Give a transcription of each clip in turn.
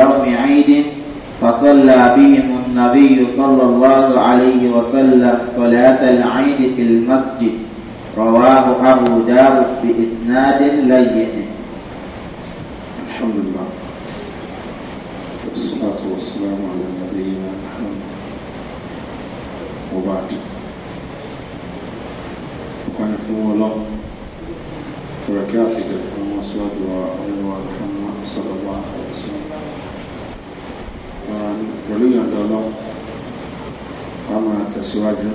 يوم عيد فصلى بهم النبي صلى الله عليه وسلم صلاة العيد في المسجد رواه أبو داود بإسناد لين الحمد لله والصلاة والسلام على نبينا محمد وبعد وكان فيه الله بركاته الله صلى الله عليه وسلم pẹ̀lú ìyọ̀dọ̀ lọ wọ́n máa tẹ̀síwájú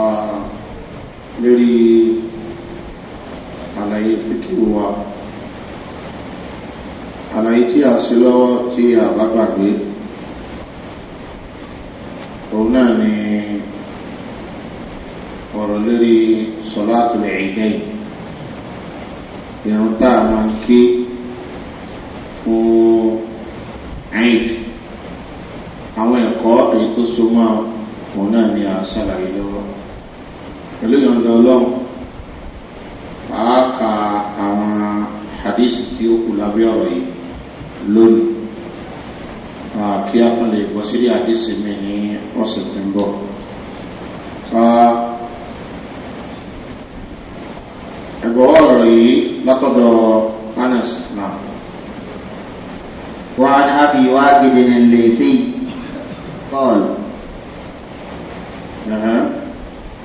ah, lórí àlàyé fíkìwò wa àlàyé tí a sí lọ́wọ́ tí a bá gbàgbé òun náà ni ọ̀rọ̀ lórí sọ̀lá àtúlẹ̀ ìdẹ́yìn máa ń ké fún eid àwọn ẹ̀kọ́ èyí tó so mọ́ òun náà ni a ṣàlàyé lọ́wọ́ pẹ̀lú ìyọ̀ǹda ọlọ́run a ka àwọn hadith tí ó kù lábẹ́ ọ̀rọ̀ yìí lónìí kí a tún lè bọ́ sílé hadith mi ní ọ̀sẹ̀ tí ń bọ̀ ẹ̀gbọ́n ọ̀rọ̀ yìí látọ̀dọ̀. أبي واجد الليثي قال نعم.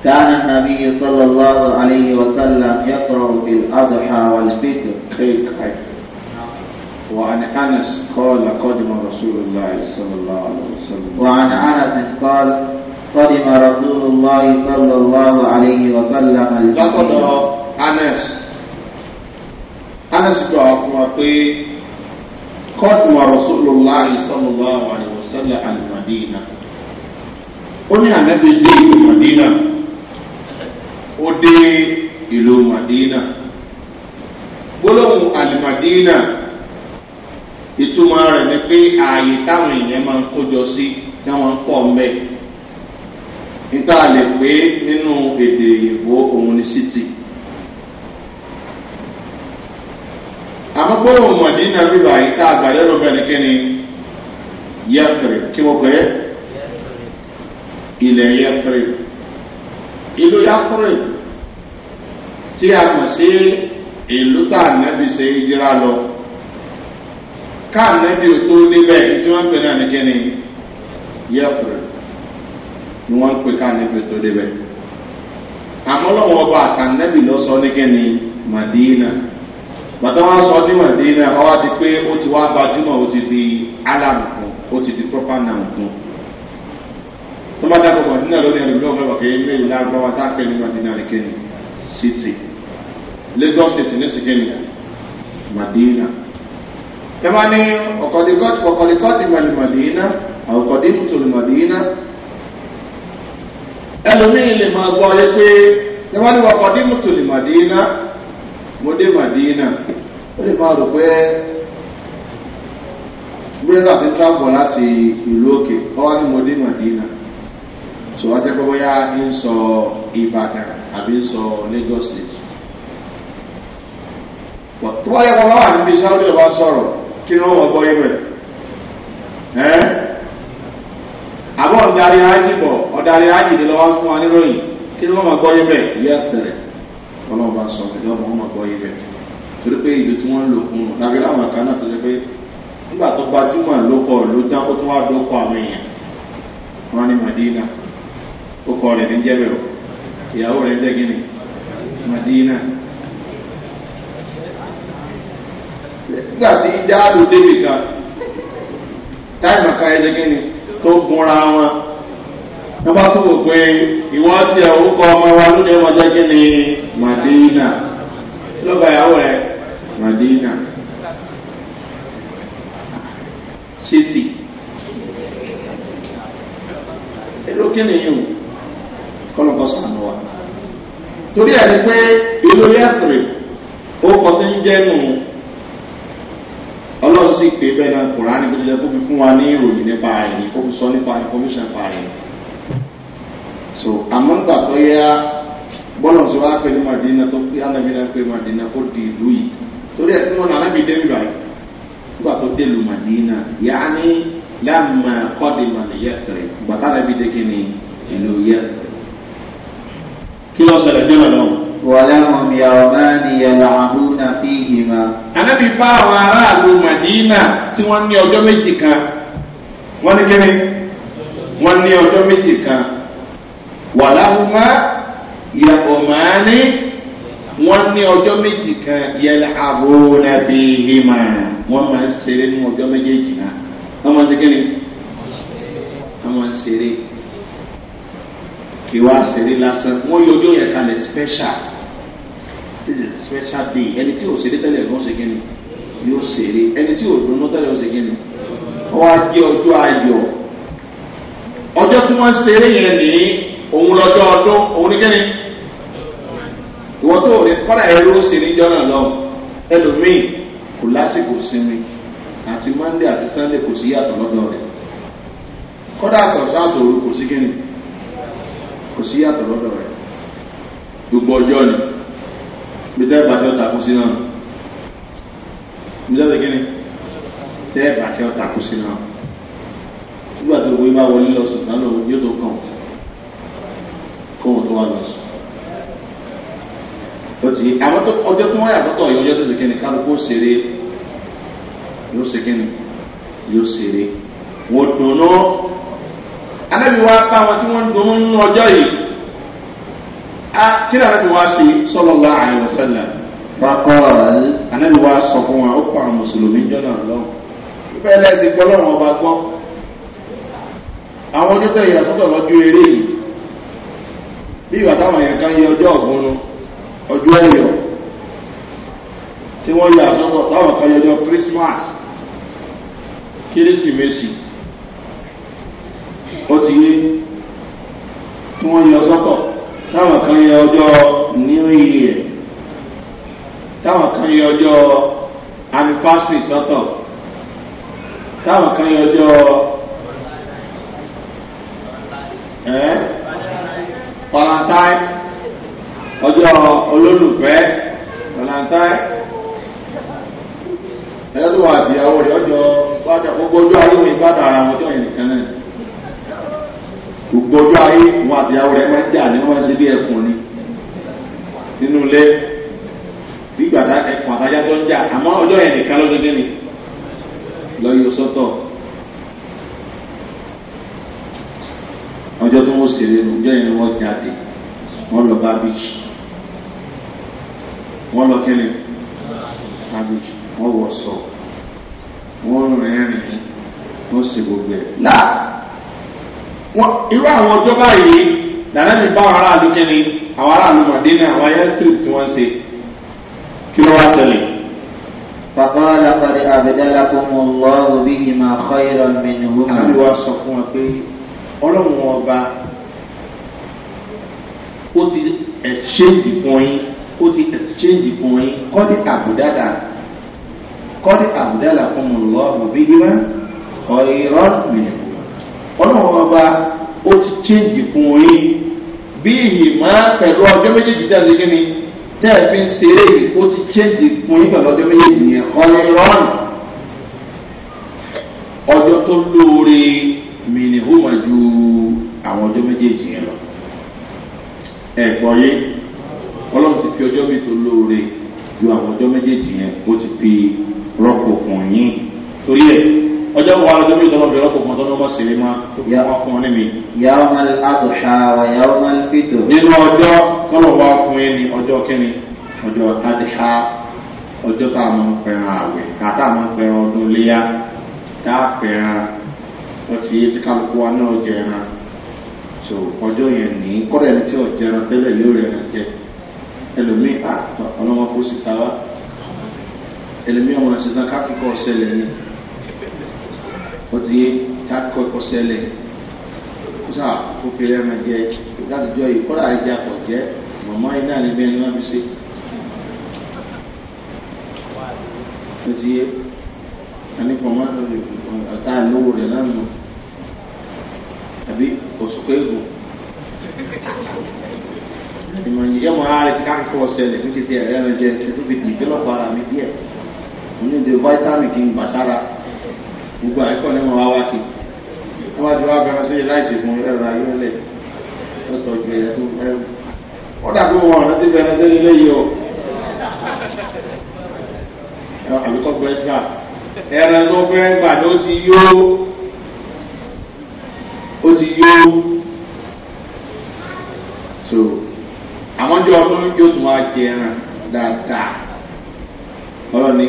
كان النبي صلى الله عليه وسلم يقرأ بالأضحى والفطر إيه، وعن أنس قال قدم رسول الله صلى الله عليه وسلم وعن أنس قال قدم رسول الله صلى الله عليه وسلم لقد أنس أنس قال kọ́tù wa rasulillahi sallallahu alayhi wa sallam alimadina ó ní ànábi dé ìlú madina ó dé ìlú madina gbólóhùn alimadina ìtumọ̀ rẹ̀ ni pé ààyè táwọn èèyàn máa ń kójọ sí táwọn ń pọ̀ mẹ́ẹ̀ níta lè pé nínú èdè òyìnbó òun ni city. àmọ́ gbọ́dọ̀ mọ̀dínà bíbá yìí tá àgbàlérò bẹ́ẹ̀ kíni yẹ́fìrì kí wọ́n pè é ilẹ̀ yẹ́fìrì ìlú yẹ́fìrì tí a mọ̀ sí ìlú tá ànábì ṣe ìjìrá lọ ká ànábì ò tó débẹ̀ tí wọ́n pè náà ní kíni yẹ́fìrì ni wọ́n pè ká ànábì ò tó débẹ̀ àmọ́ lọ́wọ́ ọba àtànábì lọ́sọ̀ọ́ ní kíni màdínà bàtà wọn sọ ní mọ̀dínà ọwọ́ ti pé ó ti wá gbajúmọ̀ ó ti di alam fún ó ti di proper noun fún tó bá dábò mọ̀dínà lórí ẹ̀rọ ìlú ọ̀gbẹ́ ọ̀kẹ́ ilé ìlú agbára tá a pè ní mọ̀dínà rẹ̀ kéde city lagos city ní sikeni mọ̀dínà tẹ́wọ́n ní ọ̀kọ̀dìkọ́tì mọ̀dínà ọ̀kọ̀dìkọ́tì mọ̀dínà ẹlòmíì lè máa gbọ́ ọ yẹ pé tẹ́wọ́n ní ọ̀kọ̀dìkọ́tì Madina? mode madina màdínà ó pe máa ti ń tàbọ̀ láti ìlú òkè ọwọ́ tí mo dé so lagos state tó wáyé kọ́ wá níbi sáwọ́dì ọba sọ̀rọ̀ kí ni wọ́n wọ́n gbọ́ ibẹ̀ ẹ́ àbọ̀ ọ̀darí ájì bọ̀ ọ̀darí ájì ni lọ́wọ́ fún wa níròyìn kí ni wọ́n gbọ ọlọ́run bá sọ ẹ̀dọ́ ọmọ ọmọ gbọ́ ibẹ̀ torí pé ìlú tí wọ́n ń lò fún un tàbí láwọn kan náà tó ṣe pé nígbà tó gbajúmọ̀ ló kọ ló já kó tó wá dókọ àwọn èèyàn wọn ní madina ó kọ rẹ̀ ní jẹ́bẹ̀rọ ìyàwó rẹ̀ jẹ́ gíní madina. nígbà tí jáàdù débì kan táìmù kan ẹ gíní tó gunra wọn wọ́n bá tó wò pé ìwọ́n ti orúkọ ọmọ wa lóde wọn kí ni madina lọ́ba ìyàwó ẹ̀ madina city èló kí ni yìí kọ́lọ́kọ́ sànù wa torí ẹni pé ìlú yàtìrì ó kọ́ tó ń jẹ́nu ọlọ́run sì pé bẹ́ẹ̀ náà kùránì kó ti jẹ́ kó fi fún wa ní ìròyìn nípa rẹ̀ kó fi sọ nípa information pa rẹ̀ so àmọ́ nígbà So yẹ bọ́lọ̀ tí wàá pè ní madina tó pé anabi náà pé madina ó di ìlú yìí torí ẹ̀ tí wọ́n nàá bí débi báyìí nígbà tó dé lu madina yaani láàmà kọ́ọ̀dì màdì yẹtẹrẹ gbàtà nàbí dé kí ni ìlú yẹtẹrẹ. kí ló sọ̀rọ̀ jẹ́ lọ́wọ́. wàlẹ́wọ̀n mi àwọn náà ni yàrá àbúrò fi ìhìnà. anabi bá àwọn aráàlú madina tí wọ́n ní ọjọ́ méjì kan wọ́n ní kí ni ojo ní ọjọ́ kan wàláhùmá yàgòmáni wọ́n ní ọjọ́ méjì kan yẹlẹ àbúrò bìhìmà wọ́n máa ń ṣeré ní ọjọ́ méjèèjì náà wọ́n máa ń ṣe kí máa ń ṣeré kí wọ́n á ṣeré lásán wọ́n yọ yẹn kalẹ̀ special this is a special day ẹni tí ò ṣeré tẹ́lẹ̀ ló ń ṣe kí ni yóò ṣeré ẹni tí ò dùnú tẹ́lẹ̀ ló ṣe kí ni á jẹ́ ọjọ́ ayọ̀ ọjọ́ tí wọ́n ṣeré yẹn nìyí òun lọ́jọ́ ọdún òun ní kíni ìwọ tó rí kọ́dà ẹrú ó sì níjọ́ náà lọ́wọ́ ẹlòmíì kò lásìkò sinmi àti monday àti sunday kò sí yàtọ̀ lọ́dọ̀ rẹ̀ kọ́dà sọ̀tọ̀ àtòrò kò sí kíni kò sí yàtọ̀ lọ́dọ̀ rẹ̀ gbogbo ọjọ́ ni gbẹdẹ ìbàtí ọ̀tà kú sí náà gbẹdẹ kíni tẹ ìbàtí ọ̀tà kú sí náà nígbà tó gbé máa wọlé lọ sùn náà lòun yóò tó kàn fóun tó wà lọ sùn. ó ti àwọn tó ọjọ́ tó wọ́n yàtọ̀tọ̀ yìí ọjọ́ tó ti kíni kálukú ṣeré yóò ṣe kíni yóò ṣeré wò dùnú anábì wa pa àwọn tí wọ́n dùnú nínú ọjọ́ yìí a kíni anábì wa ṣe sọlọ́lá àyẹ̀wò sẹ́lẹ̀ fakọ́ọ̀rọ̀ anábì wa sọ fún wa ó pa àwọn mùsùlùmí jọ́nà lọ́wọ́ fẹ́ẹ́ lẹ́sìn gbọ́lọ́wọ́n ọba gbọ́ àwọn ọjọ́ tó yẹ àtúntò lọ́jọ́ eré yìí bí ìgbà táwọn èèyàn kan yẹ ọjọ́ ọ̀gbọ́nu ọjọ́ ẹ̀yọ tí wọ́n yà sọ́tọ̀ táwọn kan yẹ ọjọ́ christmas kérésìmesì ó ti yé tí wọ́n yọ sọ́tọ̀ táwọn kan yẹ ọjọ́ new year táwọn kan yẹ ọjọ́ anniversary sọ́tọ̀ táwọn kan yẹ ọjọ́ ẹ́ẹ́. valantai ọjọ́ olólùfẹ́ valantai ẹlẹ́dùn àti ìyàwó rẹ̀ ọjọ́ gbogbo ojú ayé wọn ìbàdàn ara wọn tó nìkan náà gbogbo ojú ayé wọn àti máa ń jà ni nínú ilé bí gbàdá ẹkùn àtàjà tó ń jà àmọ́ ọjọ́ yẹn nìkan ọjọ́ tó wọ́n ṣeré nu ọjọ́ yẹn wọ́n jáde wọ́n lọ bá bíjì wọ́n lọ kẹ́lẹ̀ bá bíjì wọ́n wọ sọ wọ́n rẹ́rìn wọ́n ṣe gbogbo ẹ̀. là wọ́n irú àwọn ọjọ́ báyìí dàdá mi bá aráàlú kẹ́ni àwọn aráàlú mọ̀dé ní àwọn ayé tìrì tí wọ́n ṣe kí ló wá ṣẹlẹ̀. فقال قد أبدلكم الله بهما خيرا منهما. أبي واسقوا فيه ọlọ́run ọba ó ti ẹ̀ṣẹ́ǹdì fún yín ó ti ẹ̀ṣẹ́ǹdì fún yín kọ́dí àbùdádà kọ́dí àbùdádà fún mi lọ́ọ̀bù bíbélà ọ̀rọ̀ mìíràn ọlọ́run ọba ó ti ṣẹ́ǹdì fún yín bí iyì máa pẹ̀lú ọjọ́ méjèèjì tí a ti gbẹ́ni tẹ́ ẹ fi ń ṣeré yìí ó ti ṣẹ́ǹdì fún pẹ̀lú ọjọ́ méjèèjì yẹn ọ̀rọ̀ ọjọ́ tó lóore mi ni ó wà ju àwọn ọjọ́ méjèèjì yẹn lọ. ẹ̀gbọ́n yé ọlọ́run ti fi ọjọ́ mi tó lóore ju àwọn ọjọ́ méjèèjì yẹn ó ti fi rọ́pò fún yín torí ẹ̀ ọjọ́ wa ọjọ́ mi tọ́lọ́ fi rọ́pò fún ọjọ́ náà sì rí ma wá fún ọ ní mi. yàrá máa ń àtọ̀ṣà wà yàrá máa ń fìtò. nínú ọjọ́ kọ́lọ̀ wá fún yín ni ọjọ́ kẹ́ni ọjọ́ àdìhá ọjọ́ tá a máa ń pẹ̀ràn àwẹ̀ àtà pẹ̀ràn ọdún léyà tá a pẹ̀ràn wọ́n ti yé tí kálukú wa náà jẹ ẹran ọjọ́ yẹn ní kọ́dà ẹni tí ọ̀jẹ̀ ẹran tẹ́lẹ̀ ní òrẹ̀ ẹran jẹ ẹlòmíì à ah, ọlọ́mọ kó sì ká ẹlòmíì ọmọ ẹ̀sìn náà kákìkọ̀ ọ̀sẹ̀lẹ̀ ni ó ti yé kákìkọ̀ ọ̀sẹ̀lẹ̀ kó sáà kó fi ẹran jẹ láti jọ yìí kọ́dà ẹja kọ̀ jẹ́ màmá iná níbi ẹni wọn fi ṣe. ó ti yé ẹni kọ̀ máa ọ̀tá ìlú rẹ̀ lánàá àbí òṣùpá ègbò ìmọ̀nyíyá mọ̀ ara ti káàkiri ọ̀sẹ̀lẹ̀ ní títí ẹ̀rẹ́ ẹ̀rẹ́ jẹ títí fi dìbí lọ́pọ̀ ara mi díẹ̀ mo de vitamin kí n gbà sára gbogbo àìkọ́ ní wọn wá wá kí wọ́n bá ti wá bẹ̀rẹ̀ sí láìsí fún ẹ̀rọ ayọ́lẹ̀ tó tọ́jú ẹ̀yẹ tó ẹ̀rù wọ́n dàbí wọn ọ̀nà ti bẹ̀rẹ̀ sí ilé yìí o àbíkọ́ gbẹ́sà ẹ̀rọ ló fẹ́ gbà ló ti yó ó ti yó so àwọn jọ ọdún yóò tún wá jẹ ẹran dáadáa ọlọ́run ní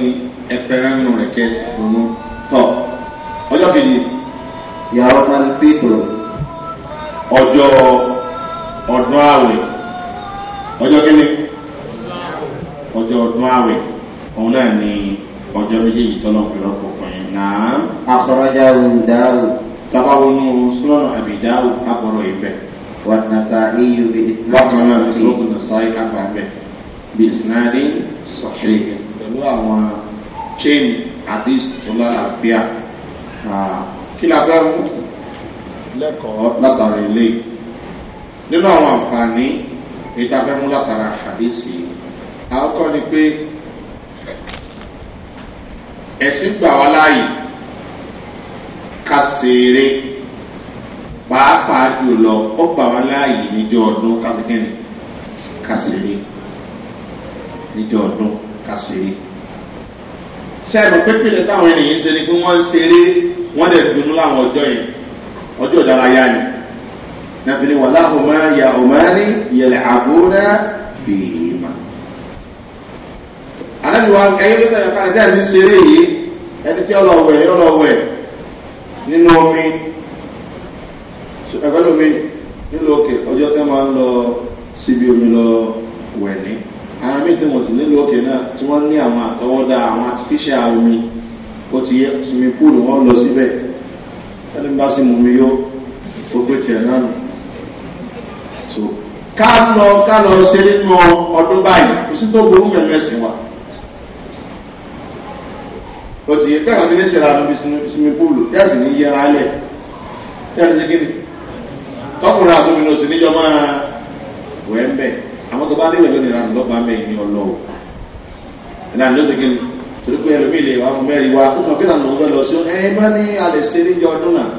ẹfẹ́ rẹ́nu rẹ̀ kẹ́sì fún un tọ̀ ọjọ́ kejì yàrá ọ̀tá ní pípọ̀ ọjọ́ ọdún àwẹ̀ ọjọ́ kíni ọjọ́ ọdún àwẹ̀ òun náà ní ọjọ́ méjèèjì tọ́lọ́ pẹ̀lú ọkọ̀ kan yẹn náà. àkọ́rọ́jà òun tàbá wọnú sọ́nà àbìdáwò agbọ̀rọ̀ ìbẹ̀ wàtàtà iyo bí bákan náà ìṣòro nàṣàì àgbàbẹ̀ bí ìsìnàdé sọ̀hìn pẹ̀lú àwọn chain àti ìṣòro àlàáfíà kí la bá mú lẹ́kọ̀ọ́ látara ilé nínú àwọn àǹfààní ètò afẹ́mú látara àdéṣe àwọn kan ni pé ẹ̀sìn gbà wá láàyè ká ṣeré pàápàá jùlọ ó gbà wá láàyè níjọ ọdún kásìkẹ́ni ká ṣeré níjọ ọdún ká ṣeré sẹ́ẹ̀mù pépèlè táwọn ènìyàn ṣe ni pé wọ́n ń ṣeré wọ́n lè dunú láwọn ọjọ́ yẹn ọjọ́ ìdárayá ni nàfẹ̀lẹ̀ wà láhùnmá ya ọ̀mọ́ni yẹlẹ̀ àbúrá fèèmà. àlejò wa ẹ̀yọ́ tó tẹ̀lé ká ẹ̀dá ẹ̀sìn ṣeré yìí ẹni tí ọlọ́wẹ̀ ọlọ́wẹ̀ nínú omi ẹgbẹ́lómi nílò òkè ọjọ́ tí wọ́n ń lọ síbi omi lọ wẹ̀ ní àwọn míì tí wọ́n nílò òkè náà tí wọ́n ní àwọn àtọwọ́dá àwọn omi ó ti yẹ sinmi púùlù wọ́n lọ síbẹ̀ ẹni bá sì mú mi yó gbogbo tiẹ̀ náà nù. ká lọ ká lọ ṣe nínú ọdún báyìí kò sí ó ti yẹ kẹ́kọ̀ọ́ ti lè ṣe ara níbi sinmi púùlù tí a sì ní yẹ ara lẹ̀ tí a ti ṣe kíni tọkùnrin àtòmínú sì níjọ máa wẹ̀ ń bẹ̀ àwọn tó bá dé wẹ̀ lónìí ìlànà lọ́gbà mẹ́rin ní ọlọ́wọ́ ìlànà ló ṣe kíni torí pé ẹlòmíì lè wà fún mẹ́rin wa ó kàn kí lànà ọgbẹ́ lọ sí ẹ má ní alẹ́ ṣe níjọ ọdún náà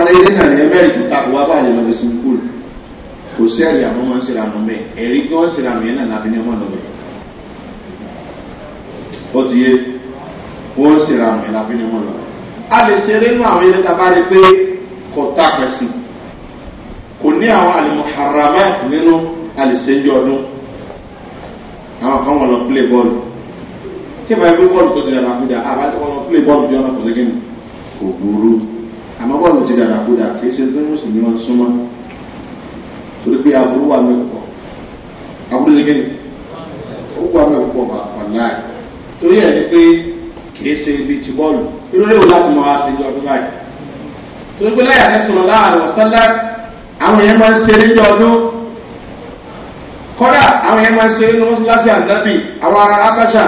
ara ilé náà ní mẹ́rin tó takò wá báyìí lọ sí púùlù kò sí ẹ̀rí àwọn ọmọ ń ṣe wọ́n ṣe ra ìlà bí wọ́n lọ. a lè ṣe eré inú àwọn eré tá a bá rí pé kò tá a pẹ̀ sí kò ní àwọn àlùmọ̀ harama nínú a lè ṣe jọ ọdún àwọn kan wọn lọ play bọ́ọ̀lù tí ìbáyé pé bọ́ọ̀lù tó ti dàda kú dà àbá tí wọn lọ play bọ́ọ̀lù bí wọn kò sí kí ni kò burú àmọ́ bọ́ọ̀lù ti dàda kú dà kì í ṣe tó mùsùlùmí wọn súnmọ́ torí pé aburú wà lóko aburú ti ó wà lóko bàbá náà torí ẹ̀ ní pé kìí ṣe ibi ti bọ́ọ̀lù irú léwu láti mọ àṣẹ ìjọ ọdún báyìí. torí pé láyà ní sọ̀rọ̀ láàrin ọ̀sánlá àwọn èèyàn máa ń ṣe níjọ ọdún kọ́dà àwọn èèyàn máa ń ṣe ní mọ́ṣáláṣí àdábì àwọn abáṣà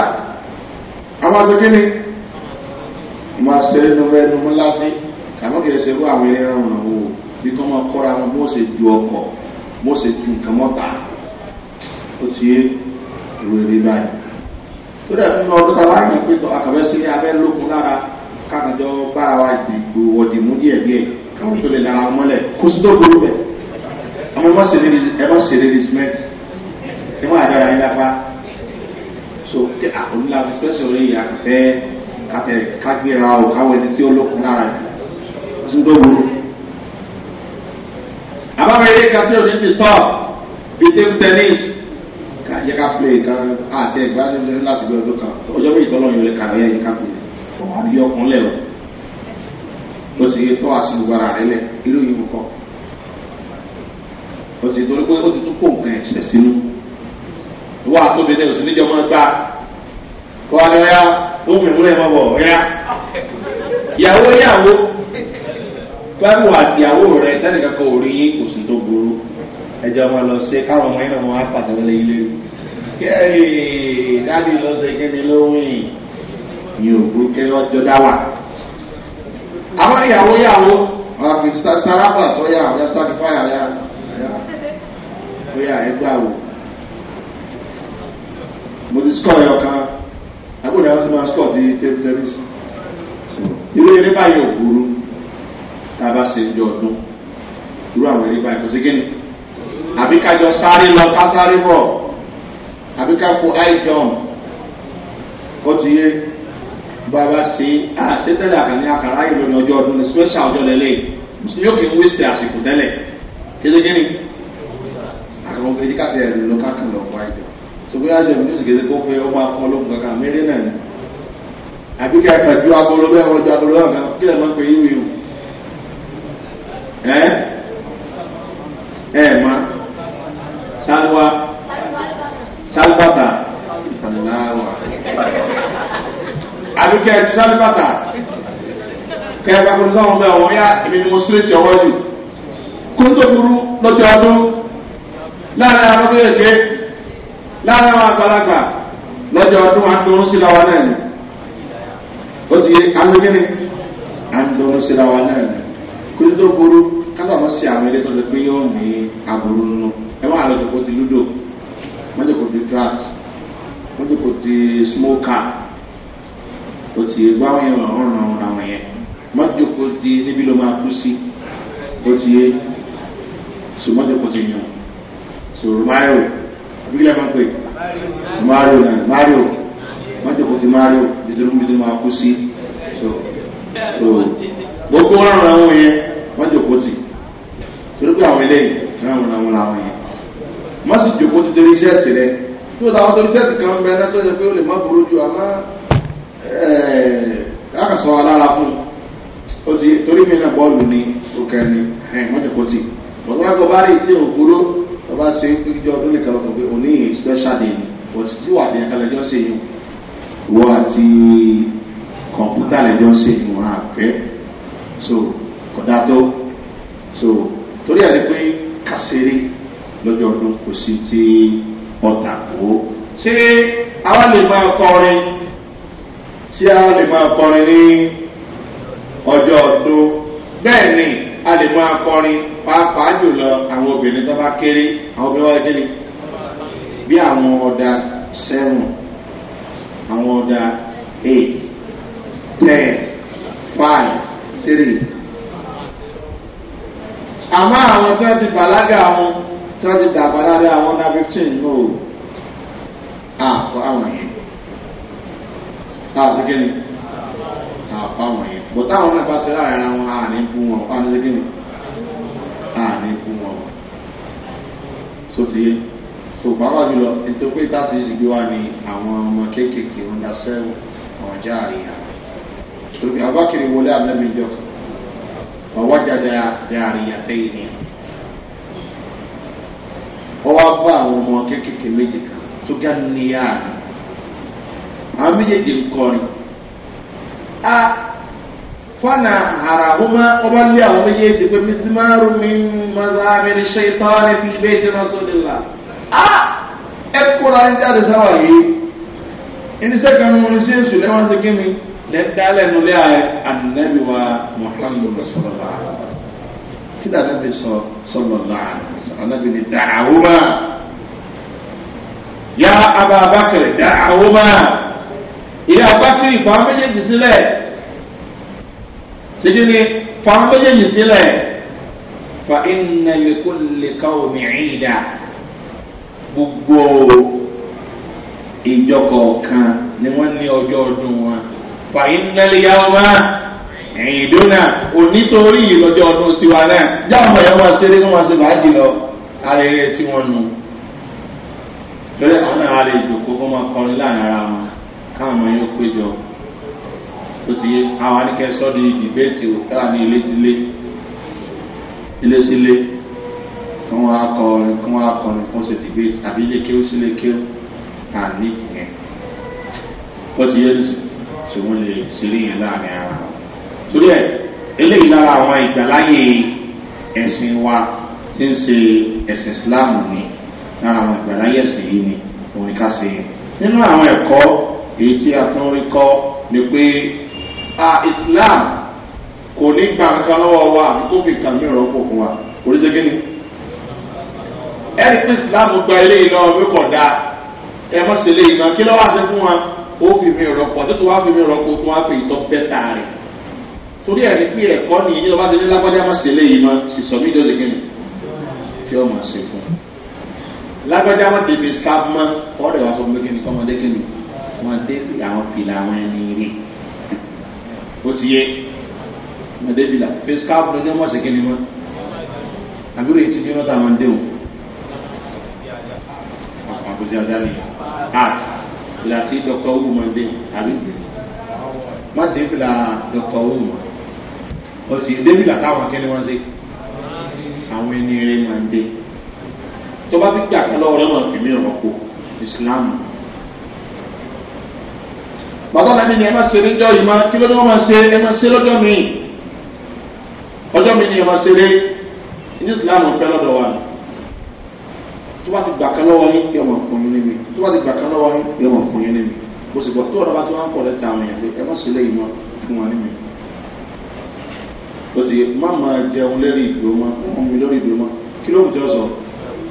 àwọn aṣojú ni máa ṣe nínú rẹ nínú mọ́ṣáláṣí àmọ́ kìí ṣe fún àwọn èèyàn ràn wò bí kò máa kọ́ra wọn bó ṣe ju ọkọ̀ bó ṣe ju nǹkan mọ́ta ó ti yé rí báyìí torí ẹ̀ nínú ọdún táwa yìí pé àkàwé sílé abẹ́ lókun lára káàkiri bára wa dìgbò ọ̀dìmú díẹ̀ díẹ̀ káwọn tó lè dára wọn mọ́lẹ̀ kó sí tó burú bẹ̀. ọmọ ẹ má ṣe ẹ má ṣe relisment ẹ má dára yín lápá so kí àkọlùlà fẹsẹ̀ orí yà fẹ́ kàtẹ kágbéra o káwọn ẹni tí ó lókun lára jù kó sí tó burú. àbábẹ́ ilé kan ti stop bí table yẹ ká pè kan àti ẹgbẹ́ nínú láti gbé ọdún kan ọjọ́ bí ìtọ́lọ́ yẹn lè kà yẹ ká pè ọ̀hún àbí ọkùnrin lẹ̀ o ti tọ́ àṣìlùgbọ́ ara rẹ lẹ̀ irú yìí kọ́ o ti torí o ti tún kó nǹkan ẹ̀ṣẹ̀ sínú wọ́n àtúndì o oṣù níjọ́ máa gbà kọ́ adé ọ̀yá ó mìíràn ẹ̀ mọ́ bọ̀ ọ̀yá ìyàwó ìyàwó. gbẹ́rù a rẹ̀ tẹ́lẹ̀kẹ́ kọ́ orí ihe kò sí tó burú ẹjọ́ máa lọ sí káwọn ọmọ yín náà máa pàtó lé ilé kẹ́rì dáàbì lọ sí kíni lóhùn yìí ò burú kẹ́rì ọjọ́ dá wà. àwọn ìyàwó yàwó àfi sárábà tó yà ọ̀yà sáfífáyà yà ọ̀yà ẹgbẹ́ àwò. mo ti sọ ẹ̀yọ̀ kan àbúrò ẹ̀rọ ti máa sọ ti tẹ́lifíṣàn. báyìí ò tá a bá ṣe ń jọ ọdún irú àwọn eré báyìí kò sí kí ni àbí ká jọ sáré lọ ká sáré bọ̀ àbí ká fo high jump ó ti yé bàbá ṣe à ṣe tẹ́lẹ̀ àkànní àkàrà yìí lónìí ọjọ́ ọdún ní special ọjọ́ lẹ́lẹ́ yìí yóò kí n wíṣẹ̀ àsìkò tẹ́lẹ̀ kí ló dé ní àkàrà òkè ká tẹ̀ lọ ká kàn lọ wáyé jọ sọgbẹ́ àjọ mi sì kéde kó fẹ́ ọ máa fọ́ lókun kankan mẹ́rin náà ni àbí ká kàjú agolo bẹ́ẹ̀ wọ́n ju agolo náà kí lè má pè é yíwèé o. ẹ ẹ ma salwa salbata salawa àbíkẹ́ salbata kẹfà bẹ ya èmi ni mo sílẹ̀tì ọwọ́ yìí kó tó burú lọ́jọ́ ọdún láàrin àwọn ọdún èké láàrin àwọn àgbàlagbà lọ́jọ́ ọdún àdúró sí làwọn náà ni ó ti sí pé tó burú kásàmọ́ sí àwọn ilé tó lè pé yóò ní aburú nínú ẹ wọ́n àlọ́ jòkó ti lúdò wọ́n jòkó ti draft wọ́n jòkó ti smoker o ti gbọ́ àwọn yẹn wọ́n ràn wọ́n àwọn yẹn wọ́n jòkó ti níbi ló máa kú o ti yé sùgbọ́n jòkó ti yàn sòrò mario abigilẹ̀ máa ń pè mario mario wọ́n jòkó ti mario nítorí níbi ló máa so so gbogbo wọn ràn àwọn yẹn wọ́n jòkó tì torí pé àwọn eléyìí ìran wọn làwọn làwọn yẹn wọ́n sì jòkó tì torí iṣẹ́ ti rẹ tí o táwọn torí iṣẹ́ ti kan bẹ ẹ́ tó yẹ pé o lè má burú ju àmọ́ káàkiri alára fún o ti torí mi náà bọ́ọ̀lù ni òkè ni wọ́n jòkó tì bọ́ọ̀lù wọn kò bá rí ìṣe òkúrò tó bá ṣe ìjọ ọdún nìkan lọ́kàn pé òní special day ni òtí tí wà á ti yẹn kalẹ̀ jọ́ sí yìí wọ́n àti kọ̀ǹpútà lẹ́jọ́ sí ìwọ̀n àfẹ́ so kọ̀dá tó so torí àti pé kásìrì lọ́jọ́ ọdún kò sí ti ọ̀tà kó ṣé àwa lè máa kọrin ṣé àwa lè máa kọrin ní ọjọ́ ọdún bẹ́ẹ̀ ni a lè máa kọrin pàápàá jùlọ àwọn obìnrin tó bá kéré àwọn obìnrin wájú ni bí àwọn ọ̀dà seven àwọn ọ̀dà eight ten five three àmọ́ àwọn tí wọ́n ti bàlágà àwọn tí wọ́n ti dàgbà dáadáa àwọn náà fifteen nù o àpọ̀ àwọn yẹn àti kíni àpọ̀ àwọn yẹn bọ̀tá àwọn náà bá ṣe láàrin àwọn àní fún wọn fún àti kíni àní fún wọn sótìyé tó pàápàá jùlọ nítorí táàsì yìí sì gbé wá ní àwọn ọmọ kéékèèké ń daṣẹ́ àwọn jáàrí yàrá. àbákiri wọlé àbẹ́mi ìjọ kan. فوجد جاريتين ọwọ́ bá àwọn ọmọ kéékèèké méjì kan ahụ gá níyà rẹ̀ àwọn méjèèjì ń kọrin a fana àràhùnmá ọba lé àwọn méjèèjì pé mísímárù mi mazami ní ṣètọ́ fi a dẹ́ntálẹ̀ nulẹ̀ ànábìwá muhammadu sọlọ́lá kí ni ànábì sọ sọlọ́lá ànábì ni dàáwúmá yá ababakiri dàáwúmá ilé abakiri fàá méjèèjì sílẹ̀ sídìní fàá méjèèjì sílẹ̀ fa iná yẹkú lèkàwọ́ mìíràn dà gbogbo ìjọ kọ̀ọ̀kan ni wọ́n ní ọjọ́ ọdún wọn fàyínálẹ́yà ọmọ ìdúnà onítorí ìlọ́jọ́ ọdún tiwa náà jáàmù ẹ̀ wọ́n ṣeré kí wọ́n ṣe fàájì lọ arẹrẹ tí wọ́n nu lórí àwọn ààrẹ ìjòkó kó máa kọrin láàrin ara wọn káwọn ọmọ yóò péjọ tó ti yé àwọn anìkẹ́ sọ́ọ́dì dìbẹ́ẹ̀tì òkàlà ní ilé sílé ilé sílé kí wọ́n á kọrin kí wọ́n á kọrin kí wọ́n ṣe dìbẹ́ẹ̀tì àbí ilé kí sílé kí ó kà ní ti yé nísìnyí tí wọ́n lè ṣeré yẹn láàrin ara wọn. torí ẹ eléyìí lára àwọn ìgbàláyè ẹ̀sìn wa ti ń ṣe ẹ̀sìn islam ni lára àwọn ìgbàláyè ẹ̀sìn yìí ni òun ni ká ṣe yẹn. nínú àwọn ẹ̀kọ́ èyí tí a tún rí kọ́ ni pé a islam kò ní gbà nǹkan lọ́wọ́ wa àbí kó fi nǹkan mìíràn pò fún wa kò ní ṣe kí ni ẹni pé islam gba eléyìí lọ́wọ́ pé dáa ẹ mọ̀ sí eléyìí náà kí lọ́wọ́ àṣẹ fún wa ó fi mi rọpò tó tó wá fi mi rọpò tó wá fi ìtọ́ bẹ́tà rẹ̀ torí ẹ̀rí pé ẹ̀kọ́ ni ìyẹn lọ́ba ti ní lágbájá má ṣe léyìí má sì sọ mí lóde kíni tí ó máa ṣe fún un lágbájá má tètè staff má ọ̀rẹ́ wa sọ pé kíni kọ́mọdé kíni wọ́n débi àwọn fìlà àwọn ẹni rí ó ti yé wọ́n débi là face cap ló ní ọmọ ṣe kíni mọ́ àbúrò ètí ní wọ́n tà wọ́n dé o àbújá dání art la tí dr owó máa dé àbí má dé fìlà dr owó mọ o sì dé fìlà táwọn akẹ́lẹ́ wọn ṣe àwọn ẹni rẹ máa dé tó bá fi gbà kálọ̀ ọ̀rẹ́ náà fìmí ọ̀rọ̀ kó islam. bàtà náà ni ẹ máa ṣe níjọ́ yìí máa kí lọ́jọ́ máa ṣe ẹ máa ṣe lọ́jọ́ mi ọjọ́ mi ni ẹ máa ṣe ní islam fẹ́ lọ́dọ̀ wa nù tó bá ti gbà kan lọ́wọ́ yín yọmọ fún yín níbi tó bá ti gbà kan lọ́wọ́ yín yọmọ fún yín níbi mo sì gbọ́ tó ọ̀rọ̀ bá ti wá ń pọ̀ lẹ́ta àwọn èèyàn pé ẹ má sílẹ̀ yìí mọ́ fún wọn níbi. o ti má máa jẹun lérí ìdúró mọ́ mọ́ mi lórí ìdúró mọ́ kí ló ń jọ sọ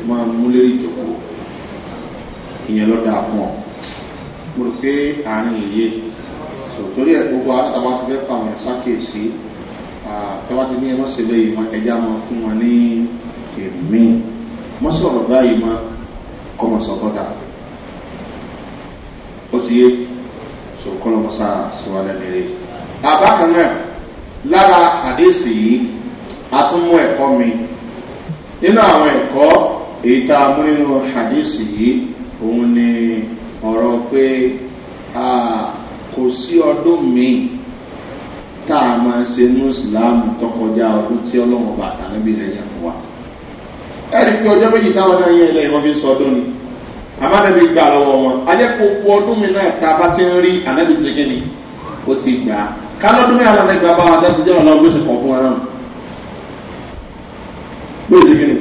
máa mú lérí ìjókòó ìyẹn ló dáa fún mo rò pé àárín ìyé torí ẹ gbogbo àtàwọn ti fẹ́ ìsákèsí tọ́wá ní ẹ má sílẹ̀ yìí mọ́ ẹja máa fún wọn ní èmi mọ́ sọ̀rọ̀ báyìí mọ́ kọ́mọ sọ̀kọ́ta ó ti yé sọ̀kọ́lọ́ mọ́sá síwájú nílé. àbákan náà lára àdéhùn yìí a tún mú ẹ̀kọ́ mi nínú àwọn ẹ̀kọ́ èyí tá a mú nínú àdéhùn yìí òun ni ọ̀rọ̀ pé kò sí ọdún míì tá a máa ń ṣe ní ìsìláàmù tó ọdún tí ọlọ́run bàtà rẹ̀ yẹn fún wa ẹni pé ọjọ́ méjì táwọn náà yẹn lẹ́yìn wọ́n fi sọ ọdún ni àmàdàbí gbà lọ́wọ́ wọn ajẹ́kọ̀ọ́kọ́ ọdún mi náà ta bá ti ń rí ànábì tó kí ni ó ti gbà á kálọ́dún mi àwọn ẹgbẹ́ bá wọn dẹ́sẹ̀ jẹ́wọ́n lọ́wọ́ gbèsè kọ̀ọ̀kan wọn náà gbèsè kí ni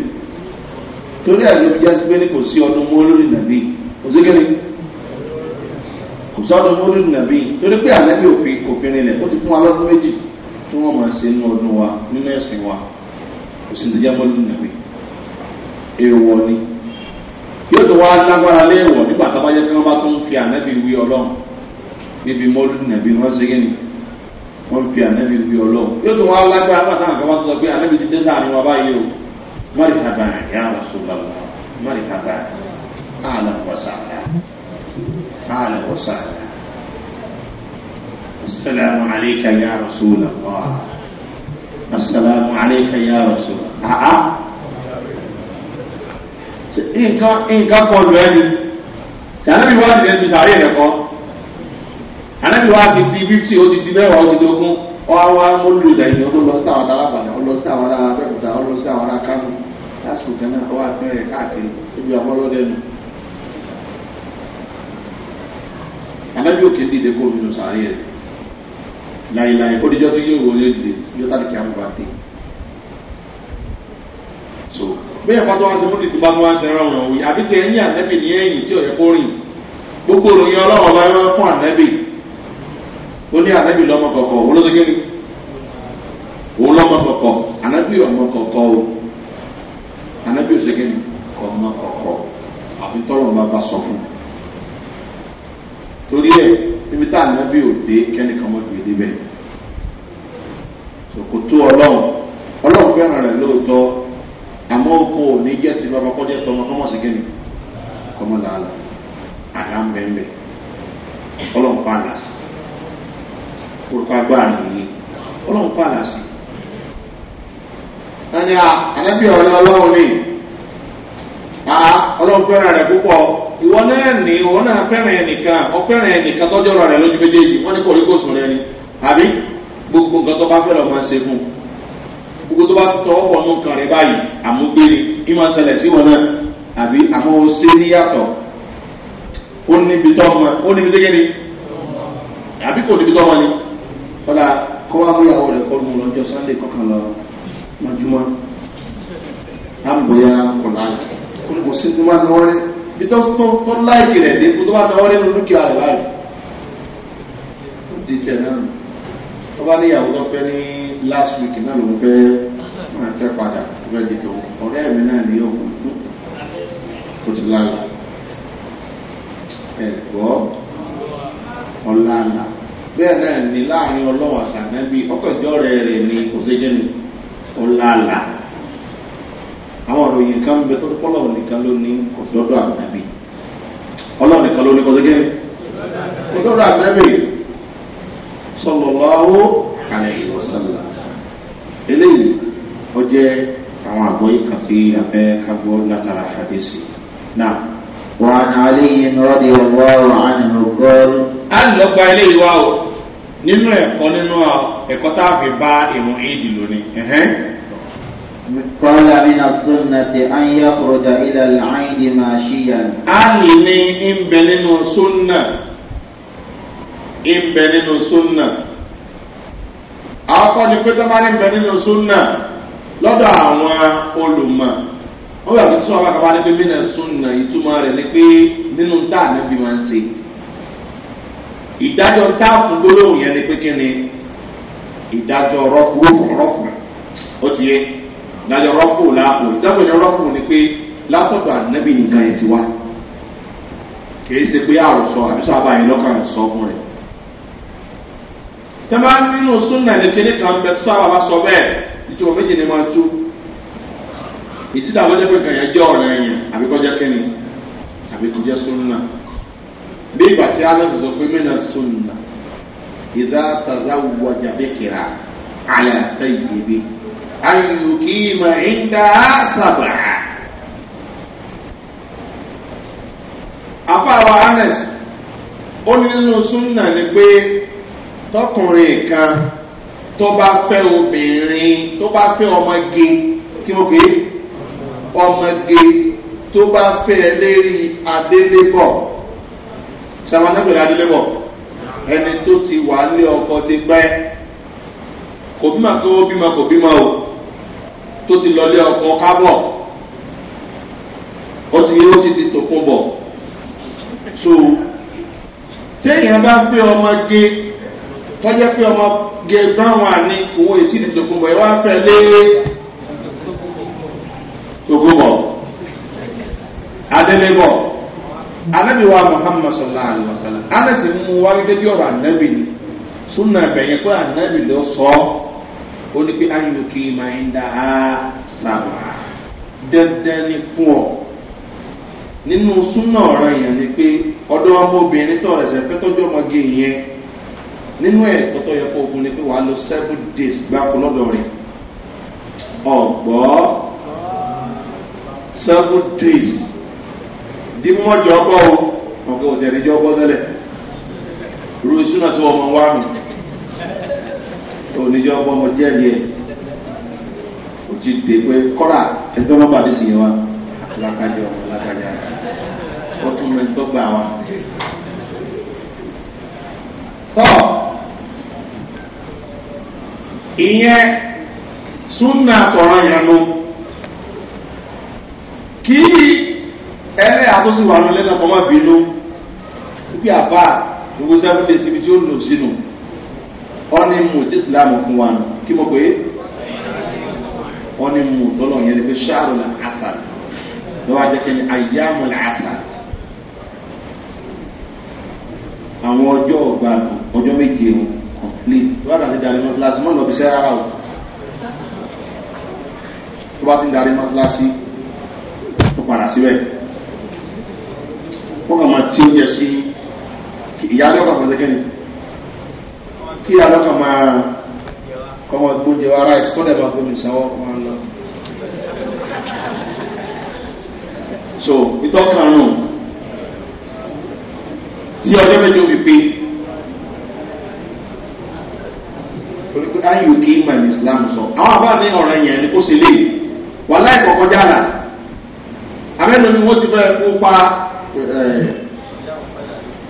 torí àjọ fi jásí pé ní kò sí ọdún mọ́ lórí nàbí kò ni kò sí ọdún mọ́ lórí nàbí torí pé ànábì òfin kò fi rinlẹ̀ ó ti fún wa lọ́dún méjì tí wọ́n máa ṣe nínú ọdún wa nínú ẹ̀sìn wa kò sí ní mọ́ lórí nàbí èèwọ̀ ni yóò tó wá lágbára léèwọ̀ nígbà tábà jẹ́ kí wọ́n bá tún fi ànábì wí ọlọ́run níbi mọ́lúdì nàbí wọ́n ṣe kíni wọ́n fi ànábì wí ọlọ́run yóò tó wá lágbára nígbà táwọn kan bá tún sọ pé ànábì ti dé sáà ní wọn báyìí o mọ́rì tàbá yà wà sọ́gbà mọ́rì tàbá àlà wọ́sàlà àlà wọ́sàlà assalamu alayka ya rasulallah assalamu alayka ya nǹkan nǹkan kọ lù ẹni tí ànábì wá ti lẹ́nu sàárè rẹ̀ kọ́ ànábì wá ti di fífítì ó ti di mẹ́wàá ó ti dogun ọ wá mo lù ìdàgbẹ́ ó lọ sí àwọn ará àbàdàn ó lọ sí àwọn ará abẹ́kúta ó lọ sí àwọn ará kánú lásìkò kan náà ó wà bẹ́ẹ̀ káàkiri ibi àbọ̀lọ́ lẹ́nu. ànábì òkè dìde kó mi lù sàárè rẹ̀ láìláì ó dijọ́ tó yẹ òwò lé dìde yóò tàbí kí á mú bá dé. so bí ẹ̀fọ́ tó wá sí múlì tó bá tó wá ṣe rán ọ̀rọ̀ wí àbí ti ẹ̀yìn ànẹ́bì ní ẹ̀yìn tí ọ̀yẹ́ kó rìn gbogbo ìròyìn ọlọ́run bá rán fún ànẹ́bì ó ní ànẹ́bì lọ́mọ kọ̀ọ̀kọ̀ òun ló ti kéde òun lọ́mọ kọ̀ọ̀kọ̀ ànẹ́bì ọmọ kọ̀ọ̀kọ̀ o ànẹ́bì ò ṣe kéde ọmọ kọ̀ọ̀kọ̀ àfi tọ́lọ̀ bá bá sọ fún torí ẹ̀ níbi tá ànẹ́bì ò dé kẹ́nìkan mọ́ ọlọ́run fẹ́ràn rẹ̀ lóòótọ́ àmọ́ oko ò ní jẹ́ ti bàbá kọ́jà tọmọ kọ́mọ sí kí ni kọ́mọ làálà àlá mẹ́mẹ́ ọlọ́run pa àlà sí orúkọ agbára nìyí ọlọ́run pa àlà sí. Tani a ànábì ọ̀rẹ́ ọlọ́run ni a ọlọ́run fẹ́ràn rẹ̀ púpọ̀ ìwọ náà ní ìwọ náà fẹ́ràn ẹnìkan ọ̀fẹ́ràn ẹnìkan tọ́jú ọ̀rọ̀ rẹ̀ lójú méjèèjì wọ́n ní kò rí kò sùn rẹ ni àbí gbogbo nǹkan tó bá fẹ́ràn máa ń fún un gbogbo tó bá tọwọ́ pọ̀ nù kan rẹ̀ báyìí àmúgbére kí máa ṣẹlẹ̀ sí wọn náà àbí àmọ́ ó ṣe níyàtọ̀ ó níbi tọ́ ọmọ ó níbi tó kéde àbí kò níbi tọ́ ọmọ ni kọ́lá kọ́ wá bóyá ọ̀rẹ́ kọ́ mu lọ́jọ́ sunday kọ́kàn lọ mọ́júmọ́ àbòyá kọ̀lá kó ní kò sí tó máa náwó rẹ̀ bí tó tó láìkì rẹ̀ dé tó máa náwó rẹ̀ nínú dúkìá rẹ̀ báyìí ó di tẹ̀ náà wọ́n bá níyàwó tó fẹ́ ní last week náà ló ń fẹ́ máa tẹ́ padà fẹ́ di tó ọ̀rẹ́ mi náà ní òun kò ti lálà ẹ̀gbọ́ ọ̀làlà bẹ́ẹ̀ náà ní láàrin ọlọ́wà sànábì ọkọ̀jọ́ rẹ̀ rẹ̀ ní kò sí jẹ́nu ọ̀làlà àwọn òròyìn kan bẹ tó pọ́lọ̀ nìkan ló ní kò dọ́dọ̀ ànábì ọlọ́run nìkan ló ní kò sí jẹ́nu kò dọ́dọ̀ ànábì sọlọ́lọ́wọ́ eléyìí ó jẹ́ àwọn àgbọ̀yé kan tí a fẹ́ kágbó látara àdéṣe náà. وعن علي رضي الله عنه قال a lọ gba eléyìí wá o nínú ẹ̀kọ́ nínú ẹ̀kọ́ tá a fi bá ìrùn éèdì lónìí. قال من السنة أن يخرج إلى العيد ماشيا. àmì ni ń bẹ nínú súnà ń nínú súnà àkọ́kọ́ ni pé tó bá ní bẹ nínú súnà lọ́dọ̀ àwọn olùmọ̀ wọ́n bẹ̀rẹ̀ fún súnà bàbá ní pé mí náà súnà ìtumọ̀ rẹ̀ ni pé nínú tá ànábì máa ń ṣe ìdájọ́ tá a fún gbólóhùn yẹn ni pé kí ni ìdájọ́ rọ́pù rọ́pù ó ti yẹ ìdájọ́ rọ́pù làápò ìdájọ́ yẹn rọ́pù ni pé látọ̀dọ̀ ànábì nìkan yẹn ti wá kì í ṣe pé àròsọ àbísọ̀ àbáyé lọ́kàn sọ fún rẹ̀ tẹ́lá nínú súnà ní kíní kan bẹ tó àwọn bá sọ bẹ́ẹ̀ ìtumọ̀ méjì ni máa tú ìtìtà àwọn jẹ́pẹ̀ kan yẹn jẹ́ ọ̀rẹ́ yẹn àbí kọjá kíni àbí kọjá súnà bí ìgbà tí alẹ́ sọ̀tọ̀ pé mẹ́nà súnà ìdá tàzá wọjà bí kìrà alẹ́ àtẹ́ ìgbèbí ayùkí mà ń dá sábà. àfa àwọn anes ó ní nínú súnà ni tọkùnrin kan tó bá fẹ́ obìnrin tó bá fẹ́ ọmọge kí mo pè é ọmọge tó bá fẹ́ lérí adélébọ̀ sàmánàpẹ̀lẹ̀ adélébọ̀ ẹni tó ti wà ní ọkọ̀ ti pẹ́ kò bímọ pé ó bímọ kò bímọ o tó ti lọlé ọkọ̀ kábọ̀ ó ti ó ti ti tòkun bọ̀ so téèyàn bá fẹ́ ọmọge. tọ́jẹ́ pé ọmọ gẹ brown ní owó etí ìdìdókòwò ẹ̀ wá fẹ́ lé ogobọ̀ adélébọ̀ anábìwá muhammad sallallahu alayhi wa sallam anasi mú wá gẹ́gẹ́ bí ọ̀rọ̀ anábì ni súnà bẹ̀yẹn pé anábì ló sọ ó ní pé ayọ̀kì máa ń dá a sábà dandan fún ọ nínú súnà ọ̀rọ̀ yẹn ni pé ọmọbìnrin tó fẹ́ nínú ẹ̀ tọ́tọ́ yẹ kó ogun ni pé wàá lo seven days gbáko lọ́dọ̀ rẹ̀ ọ̀gbọ́ seven days bí mọ́jọ ọkọ̀ o ọ̀gá òtẹ̀ ìjọ ọkọ̀ tẹ́lẹ̀ ru ìṣúná tí wọ́n mọ̀ wá mi oníjọ ọkọ̀ ọmọ jẹ́rìí ẹ̀ o ti dè pé kọ́ra ẹjọ́ mọ́bàdí sì yẹn wa lákàjọ lákàjá ọtún mẹ́tọ́ gbà wa. ihe suna sọ̀rọ̀ yẹn ló kí ẹlẹ́ àtúnṣe wà wano náà kọ́mọ́ bínú wípé àbá gbogbo sẹ́fúndé síbi tí ó lò sínú ọ́nì mú tí islam fún wa nù kí mo pé ọ́nì mú tọ́lọ̀ yẹn lè fi ṣáàrù ní na lọ́wọ́ ajẹ́kẹ́ ní àyàmù ní àṣà àwọn ọjọ́ ọgbà ọjọ́ méje late tó bá kà sí darí mọ́tíláṣí mọ́ lọ bí sẹ́ra rà o tó bá ti ń darí mọ́tíláṣí tó padà síbẹ̀ wọ́n kà máa tí oúnjẹ sí ìyá lọ́kà kan sẹ́kẹ́ ni kí ìyá lọ́kà máa kọ́ máa gbóúnjẹ wa ráìsì tó dẹ̀ máa gbóúnjẹ sanwó máa ń lọ. so ìtọ́kànnù tí ọjọ́ méjì ó fi pé. torí pé ayò kì í mọ ẹ̀mí islam sọ àwọn àbá mi ọ̀rọ̀ yẹn ni kó ṣe lè wà láì kọ̀kọ́ jára àmẹ́nu ni wọ́n ti fẹ́ kó pa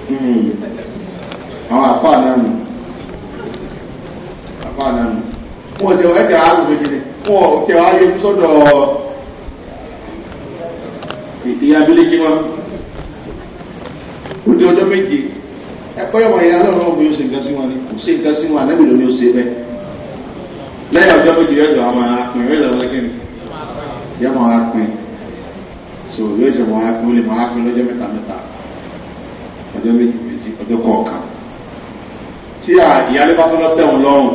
hmm, àwọn àpá náà nù àpá náà nù wọ́n jẹ́ ẹ̀jẹ̀ àrùn o wọ́n jẹ́ ayé sọ́dọ̀ ìyá abilékí wọn ó di ọjọ́ méje ẹ̀kọ́ ìwà ìyá náà lọ́wọ́ yóò ṣe nǹkan sí wọn ni kò ṣe nǹkan sí wọn ànábì ló ní ó ṣe bẹ́ẹ̀ lẹ́yìn ọjọ́ méjì yóò ṣe àwọn apin yóò lọ lẹ́kìn yóò máa apin so yóò ṣe wọn apin ó lè máa apin lọ́jọ́ mẹ́ta mẹ́ta ọjọ́ méjì méjì ọjọ́ kọ̀ọ̀kan tí ìyáálé bá tọ́lọ́ tẹ̀ wọn lọ́rùn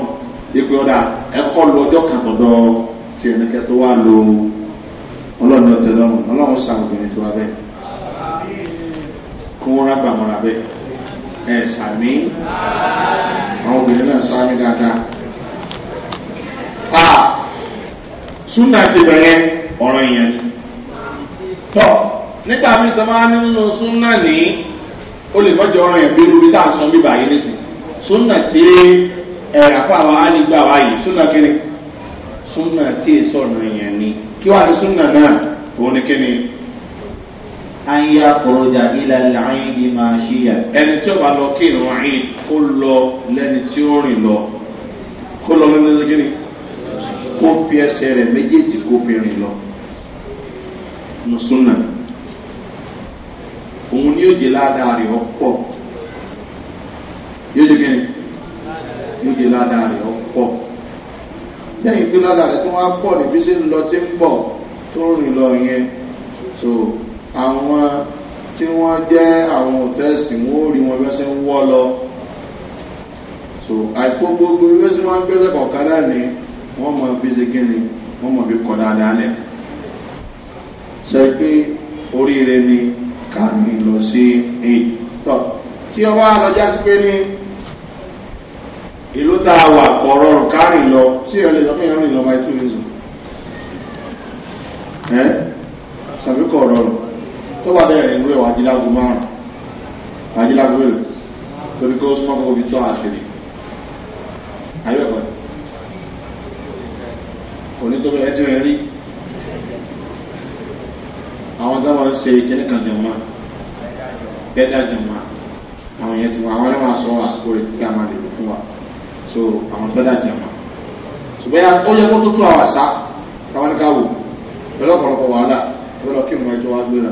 ìpè ọ̀dà ẹ̀kọ́ lu ọjọ́ kan tọ̀dọ̀ tí ẹnìkẹ́ tó wà lo ọlọ́run ọ̀tẹ̀ lọ́rùn ọlọ́run sàmùbìnrin tó wà bẹ́ẹ̀ kó wọn rábà mọ́ra bẹ́ẹ̀ ẹ sàmí àwọn obìnrin náà sàmí dáadáa. a ah, súnà ti bẹ̀rẹ̀ ọ̀rọ̀ yẹn tọ̀ nígbà mi sọ máa nínú súnà ní ó lè mọ́jọ ọ̀rọ̀ yẹn bí irú bí tá a sọ bíbà yìí nísìnyí súnà tí ẹ̀rà fáwọn alìgbà wáyé súnà kí ni súnà tí èso yẹn ni kí wàá ní súnà náà òun ni kí ni anya koroja ilẹ̀ lẹ́yìn ni máa ṣí yà. ẹni tí ó bá lọ kí ìrún ayé kó lọ lẹ́ni tí ó rìn lọ kó lọ lẹ́ni tó kéré kó fi ẹsẹ̀ rẹ̀ méjèèjì kó fi rìn lọ. mùsùlùmí òun ni yóò jẹ ládàá rẹ̀ ọ̀pọ̀ yóò jẹ kéré yóò jẹ ládàá rẹ̀ ọ̀pọ̀ lẹ́yìn tó ládàá rẹ̀ tó wá pọ̀ níbi ṣe ń lọ tí ń pọ̀ tó rìn lọ yẹn so àwọn tí wọ́n jẹ́ àwọn òtẹ́sì wọ́n ó rí wọn bí wọ́n ṣe ń wọ́ lọ so àìpó gbogbo bí wọ́n ṣe máa ń gbẹ́sẹ̀ kọ̀ọ̀kan náà ni wọ́n mọ bí ṣe kí ni wọ́n mọ bí kọ̀ dáadáa lẹ̀ ṣe pé oríire ni ká ní lọ sí èyí tọ́ tí ọba àlọ́jà sí pé ní ìlú tá a wà pọ̀ rọrùn kárìn lọ tí ìyẹn lè sọ fún ìyẹn rìn lọ sàbíkọ̀ rọrùn tó bá bẹ̀rẹ̀ ìwé wà jíláàgù márùn àjíláàgù èrò torí kó sọ́kọ̀ omi tó àṣírí ayọ́kọ̀ òní tó bẹ̀rẹ̀ tí rẹ̀ rí àwọn táwọn ń ṣe kíní kan jẹ̀mọ́ bẹ́ẹ̀dá jẹ̀mọ́ àwọn yẹn ti wọ àwọn ẹlẹ́wọ̀n aṣọ àsìkò rẹ̀ kí a máa lè lò fún wa so àwọn bẹ́ẹ̀dá jẹ̀mọ́ ṣùgbọ́n ó yẹ kó tó tó àwàṣá káwọn ká wò pẹ̀lú ọ̀pọ̀lọpọ̀ wàhálà pẹ̀lú ọkì ẹjọ́ wa gbéra.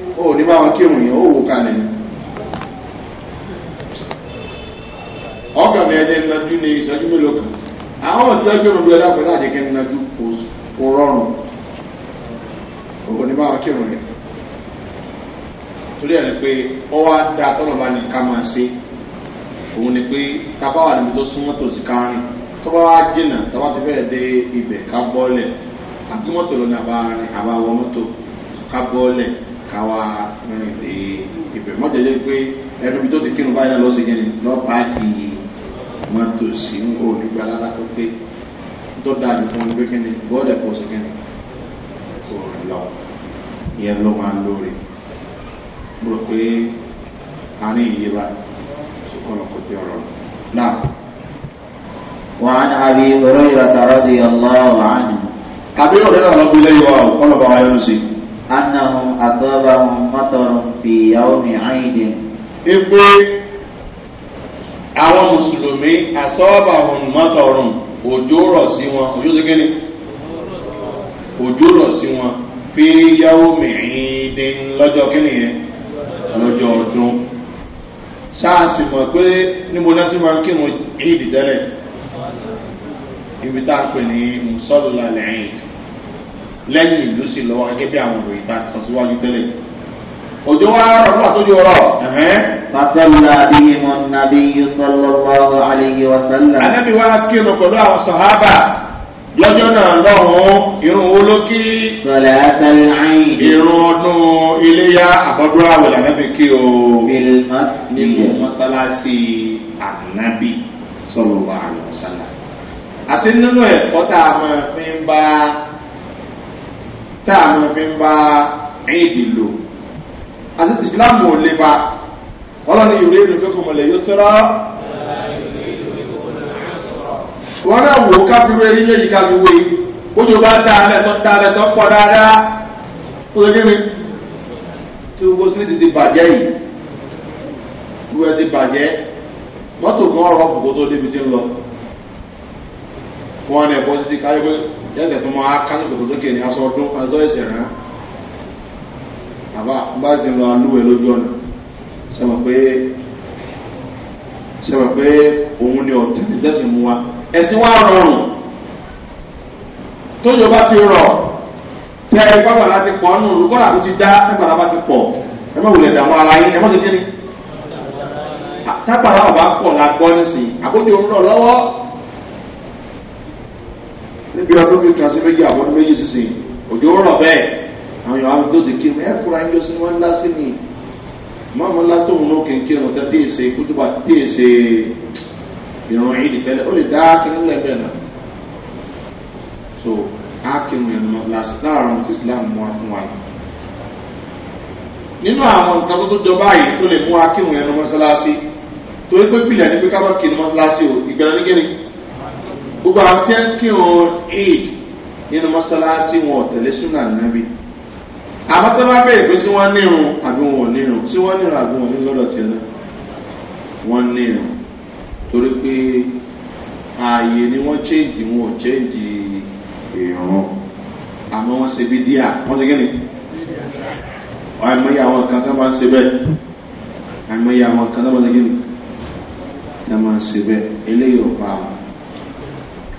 ó ní bá wọn kírun yẹn ó wò kalẹ̀ ni. ọkàn mi ẹjẹ ńlájú ní ìṣẹ́jú mélòó kan àwọn ọ̀sẹ̀ ọjọ́ ìrùn bí ọ̀dà pẹ̀lú àjẹkẹ́ ńlájú kò rọrùn ó ní bá wọn torí ẹ̀ ni pé ọwọ́ adá tọ́lọ̀bá ni ká máa ṣe òun ni pé tábà wà níbi tó súnmọ́ tòsí kárìn tọ́ba wá jìnnà tọ́ba ti fẹ́ẹ̀ dé ibẹ̀ ká bọ́ọ̀lẹ̀ àbí mọ́tò lónìí mọ́tò káwa rìn dé ibẹ̀ mọ́jẹ́jẹ́ pé ẹnu tó ti kírun báyìí lọ sí kíni lọ páàkì mọ́tò sí olùgbà lára tó pé tó dáa ju fún ẹgbẹ́ kíni bọ́ọ̀dẹ̀ pọ̀ sí kíni kò rìn lọ ìyẹn ló máa ń lórí mo rò pé a ní iye báyìí sọkọlọ kò jẹ ọrọ náà. وعن أبي هريرة رضي الله عنه أبي هريرة رضي الله عنه بها يوسف anahun atọ́bahun mọ́tọ́run fi ìyàwó mi àyìndé. ipe àwọn mùsùlùmí asọ́bahun mọ́tọ́run òjò rọ̀ sí wọn òjò sí kíni òjò rọ̀ sí wọn fi ìyàwó mi àyìndé lọ́jọ́ kíni yẹn lọ́jọ́ ọdún sáàsì mọ̀ pé níbo náà ti máa ń kírun ìdí ibi tá a pè ní musọ́lù lálẹ́ ẹ̀yìn lẹ́yìn ìlú sí lọ́wọ́ gẹ́gẹ́ bí àwọn òròyìn bá ti sọ síwájú tẹ́lẹ̀. òjò wa rọ̀ fún àtúndì ọ̀rọ̀. Fàtọ́lá bíi mọ nàbí Yusọ́lọ́lọ́ àlẹ́yẹ wàsálà. Anábì wa kírun pẹ̀lú àwọn sọ̀hábà lọ́jọ́ náà lọ́hùn-ún irun wo ló kí. Sọlá sẹ́lẹ̀ Irun ọdún iléyà àbọ̀dúrà wẹ̀ lànàbì kí o. Nínú mọ́sálásí ànábì sọ̀rọ̀ wa àlọ́ Àti nínú ẹ̀kọ́ tá a máa fi ń bá tá a máa fi ń bá ẹ̀yìndì lò àti ìsìláàmù ò lè ba ọlọ́ni ìwé ìlú tó kọ̀ mọ̀lẹ́ yóò sọ́rọ́ wọn náà wò ó káfíwé rí yé yíká fi wé ojú bá dá alẹ́ tó dá pọ̀ dáadáa ó lè mi tí gbogbo sílẹ̀ ti bàjẹ́ yìí gbogbo ti bàjẹ́ mọ́tò kan ọ̀rọ̀ kòkó tó débi tí ń lọ wọn ni ẹ̀kọ́ títí káyọ̀ pé. yẹ́sẹ̀ tó máa kásì kòtò sókè ní aṣọ ọdún aṣọ ẹ̀sẹ̀ rán àbá bá ti lọ alúwẹ̀ lójú ọ̀nà pé pé òun ni ọ̀tẹ̀ ìjẹ́sìn mu wa ẹ̀sìn wa rọrùn tójò bá ti rọ̀ tẹ́ ẹ bá bàlá ti pọ̀ nù lùkọ́lá ti dá tábàlá bá ti pọ̀ ẹ má wulẹ̀ dààmú ara yín ẹ má tètè ní tábàlá ọ̀bá pọ̀ la gbọ́ nísìnyí àkójọ lọ́wọ́. níbi ọdún bíi kan sí méjì àwọn ọdún méjì sísìn òjò rọ̀ bẹ́ẹ̀ àwọn èèyàn àwọn tó ti kí ẹ kúra ẹjọ́ sí wọn ńlá sí ni mọ́mọ́ ńlá tóun náà kì í kí ẹnìkan tí èsè kútùbà tí èsè ìrun yìí nìtẹ́lẹ̀ ó lè dá kínní lẹ́gbẹ̀ẹ́ náà so ákínú ẹnu láàrin tí islam mú fún wa nínú àwọn nǹkan tó tó jọ báyìí tó lè mú akínú ẹnu mọ́sálásí torí pé pìlẹ̀ ní pé ká bá kí mọ́sálásí o ìgbẹ́rẹ́ nígbẹ́rẹ́ gbogbo àwọn tí ń kírun eid nínú mọ́sálásí wọn ò tẹ̀lé súnà nàbí àwọn tó bá bẹ̀rẹ̀ pé sí wọ́n nírun àbí wọn ò nírun sí wọ́n nírun àbí wọn ò nírun lọ́dọ̀ tiẹ̀ náà wọ́n nírun torí pé ààyè ni wọ́n chéǹjì wọn ò chéǹjì ìrún àmọ́ wọ́n ṣe bí díà wọ́n ṣe kíni àìmọye kan tó máa ń ṣe bẹ́ẹ̀ àìmọye kan tó máa ń ṣe bẹ́ẹ̀ eléyìí ò bá wọn.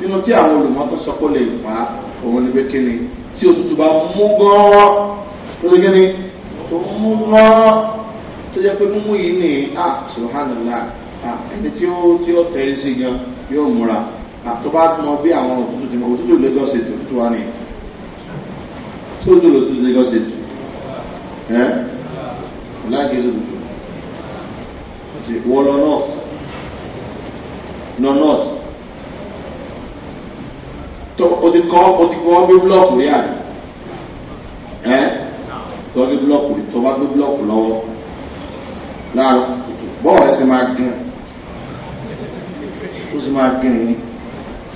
nínú tí àwọn olùmọ́tò sọ pé ó lè fà á òun ni pé kíni tí òtútù bá mú gán tó ṣe kíni tó mú gán tó jẹ́ pé mímú yìí ní à sùhánàlá ẹni tí ó tí ó tẹ̀ ẹ́ sí gan yóò múra ah, tó bá mọ bí àwọn òtútù ti mọ òtútù lagos ètò òtútù wa ni tó tó lòtútù lagos ètò ẹ́ láàgé òtútù wọ́n lọ north lọ north tó o ti kọ́ o ti wọ́n gbé búlọ́ọ̀kù rí àná ẹ́ tó o gbé búlọ́ọ̀kù rí tó o bá gbé búlọ́ọ̀kù lọ́wọ́ lára bọ́ọ̀ rẹ sì máa dín ó sì máa dín ní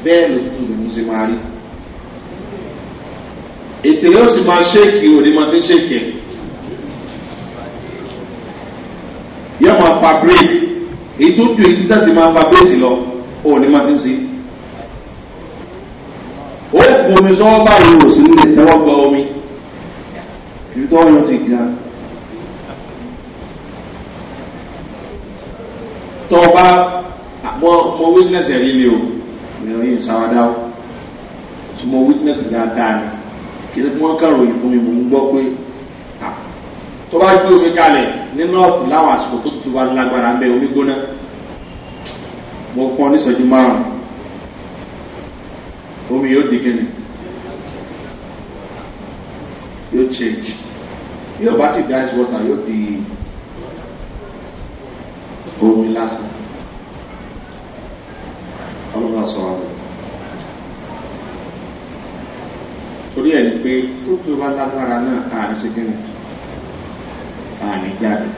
bẹ́ẹ̀ ló tún lòún sì máa rí ètè yóò sì máa ṣéèkì òní máa fi ṣéèkì ẹ̀. yóò máa fa bírèkì èyí tó ju èyí sísá ti máa fa bírèkì lọ òní máa fi ń ṣe ẹ̀kún omi tí wọ́n bá yòó sí lè tẹ́wọ́ gba omi ibi tó wọ́n ti ga. tọ́ bá àmọ́ mo witness ẹ̀rí lé o ìrìn yìí sáwádá o tí mo witness dáadáa ni kí ni wọ́n kàrò yìí fún mi mò ń gbọ́ pé tó bá gbé omi kalẹ̀ ní nọ́ọ̀fù láwọn àsìkò tó tutù bá lágbára ń bẹ omi gbóná mo fọ́ ní sọ́jú márùn-ún omi yóò di kíni yóò change yóò bá ti di ice water yóò di omi lásán ọlọ́wọ́ sọ àwọn torí ẹ̀ ní pé tó tó bá lágbára náà àní ṣe kíni àní jáde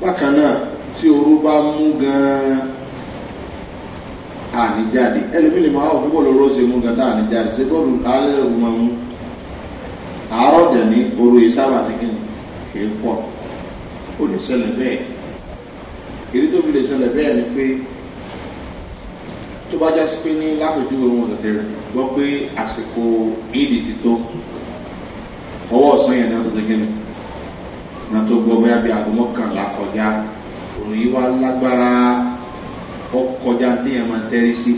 bákan náà tí orú bá mú gan àní jáde ẹlòmíì lè máa wọ púpọ̀ lóró ṣe mú nǹkan tá àní jáde ṣe bọ́ọ̀lù alẹ́ ló máa oru ìsábà tí kì í pọ̀ ó lè ṣẹlẹ̀ bẹ́ẹ̀ èyí tó fi lè ṣẹlẹ̀ bẹ́ẹ̀ ni pé tó bá jásí pé ní lápèjúwe wọn tètè gbọ́ pé àsìkò ìdì ti tó ọwọ́ ọ̀sán yẹn náà tó ṣe kíni náà tó gbọ́ bóyá bí aago mọ́kànlá kọjá òun yìí wá lágbára ọkọjá tí ẹ máa tẹ́rí sí.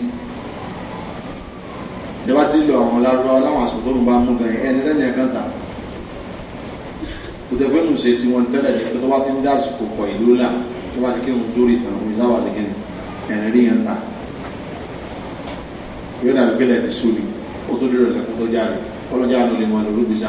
ìjọba ti lọ àwọn lárúbáwá láwọn àṣọ tó ń bá mú gan ẹni lẹ́nu ẹ̀kan tà. kò tẹ̀wé nù ṣe tí wọ́n tẹ́lẹ̀ ní pé tó bá ti ń dá àsìkò pọ̀ ìlú là tó bá ti kí òun sórí ìtàn òun ìsáwà ti kí ẹ̀rín rí yẹn tà. ìwé dàbí pé lẹ́ẹ̀dì sóòlù ó tó lérò lẹ́kọ́ tó jáde ọlọ́jà àná lè mọ ìlúgbèsè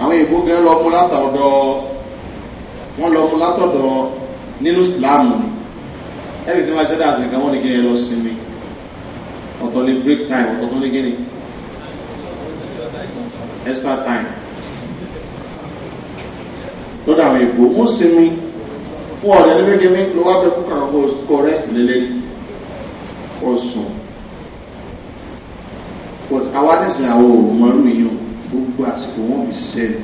àwọn èèbó gan lọ mú látọ̀dọ̀ wọ́n lọ mú látọ̀dọ̀ nínú ìsìláàmù ni ẹ̀rì tí wọ́n ṣe dáa sí nǹkan wọ́n ní kí ẹ lọ sinmi ọ̀tọ̀ ní break time ọ̀tọ̀ tó ní kí ni extra time lọ́dọ̀ àwọn èèbó mú sinmi fún ọ̀rẹ́ nígbẹ́gbẹ́mí ló wá fẹ́ fún kàrọ̀ kó rẹ́sì lélẹ́ kó sùn àwọn adẹ́sìn àwọn òòrùn mọ́rú yìí gbogbo àsìkò wọn fi sẹ́nu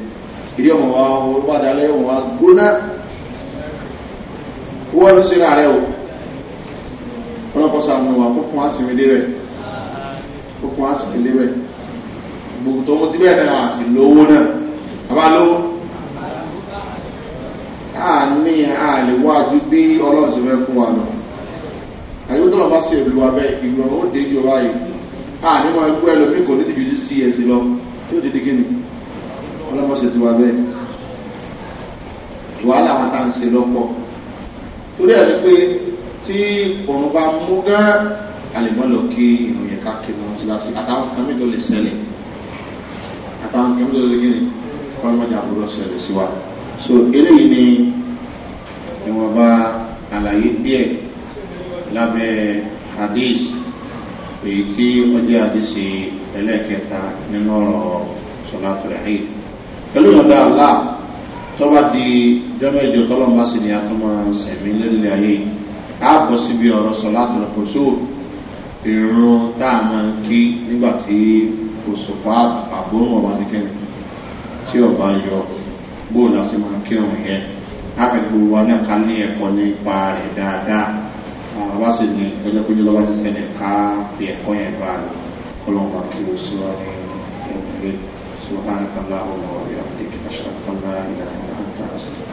ìdí ọmọ wa wádà lẹ́yìn wọn wá gbóná wọ́n ló sínú ààrẹ o ọlọ́pọ̀ sàmù wà kó fún àsìmí débẹ̀ kó fún àsìmí débẹ̀ gbogbo tó ń ti bẹ́ẹ̀ náà àti lówó náà àbá lówó àní àlèwọ́ àti bí ọlọ́sìn fẹ́ fún wa lọ àyè tó lọ bá sí ìlú abẹ́ ìgbọ̀n ó dé ìjọba yìí àní wọn gbọ́ ẹlòmíkò ní ti ju sí ẹ̀sìn lọ yóò dédé gé ni ọlọ́mọ ṣe ti wá bẹ́ẹ̀ wàhálà wọn tá à ń ṣe lọ́pọ̀ torí ẹ̀ wípé tí òun bá mú gán alẹ́mọ́ lọ kí ìrùn yẹn ká kí wọn síláṣí àtàwọn kan mi tó lè ṣẹlẹ̀ àtàwọn kan mi tó lè gé ọlọ́mọdé àbúrò ṣẹlẹ̀ sí wa so eléyìí ni ìwọ̀nba àlàyé díẹ̀ lábẹ́ hadith èyí tí wọ́n jẹ́ hadith yìí ẹlẹ́ẹ̀kẹta nínú ọ̀rọ̀ sọlá tó rẹ̀ ẹ̀yìn. pẹ̀lú ọ̀dọ̀ àlá tó bá di jọ́mẹ́jọ tọ́lọ́mà sí ni a tó máa ń sẹ̀mí lórílẹ̀ ayé a bọ̀ síbi ọ̀rọ̀ sọlá tó rẹ̀ kò só ìrún tá a máa ń kí nígbà tí òṣùpá àbúrò ọba ní kẹ́ni tí ọba yọ bóòlù àti máa kí ọ̀hún yẹn akẹ́kọ̀ọ́ wa náà ká ní ẹ̀kọ́ nípa rẹ̀ dáadáa àwọn bá sì ní ọjọ́ péjú lọ́wọ́ ti sẹ́ni ká fi ẹ̀kọ́ yẹn bá a lọ. اللهم اغفر لسواني سبحانك اللهم وبحمدك اشهد ان لا اله الا انت استغفرك